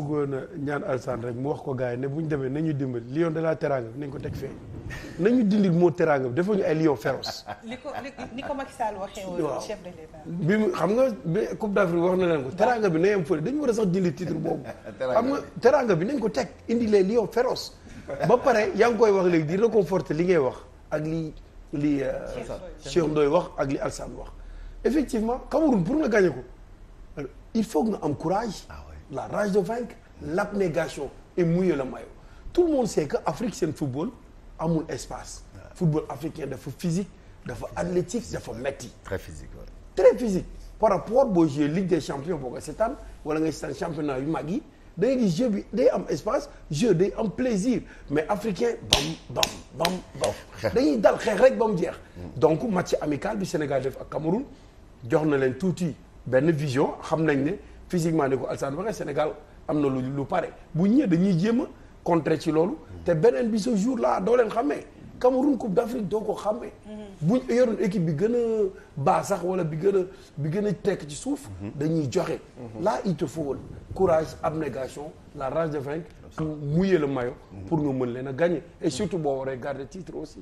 bëggoon a ñaan Alsaan rek mu wax ko gars yi ne bu ñu demee nañu dimbali lion de la teranga bi nañ ko teg fee nañu dindil moo teranga bi dafa ñu ay lion féroce. li ko ni ko Macky Sall waxee woon chef de l'État bi mu xam nga bi Coupe d'Afrique wax na leen ko a ko teg indi les lions féroce. ba pare yaa ngi koy wax léegi di réconforter li ngay wax ak li li euh, Cheikh Ndoye wax ak li Alsaan wax effectivement Cameroun pour nga gagné ko il faut nga am courage. Ah la rage de vaincre l'abnégation et mouiller le maillot tout le monde sait que Afrique seen football amul espace football africain dafa physique dafa athlétique dafa metti très physique ouais. très physique par rapport boo joué Ligue des champions boo ko seetaan wala nga seetaan championnat yu mag yi da ngay bi day am espace jeu day am plaisir mais africain bam bam bam bam dañuy dal xeex rek ba mu jeex mm. donc match amical bi Sénégal def ak Cameroun jox na leen tuuti benn vision xam nañ ne physiquement ni ko Alassane waxee Sénégal am na lu lu pare bu ñëwee dañuy jéem a contrer ci loolu. te beneen bi ce jour la doo leen xàmmee. Cameroun Coupe d'Afrique doo ko xàmmee. bu yoroon équipe bi gën a baax sax wala bi gën a bi gën a tekk ci suuf. dañuy joxe. là il te faut courage abnégation la rage de vaincre. pour mouiller le maillot. pour nga mën leen a gagner et surtout boo waree garder titre aussi.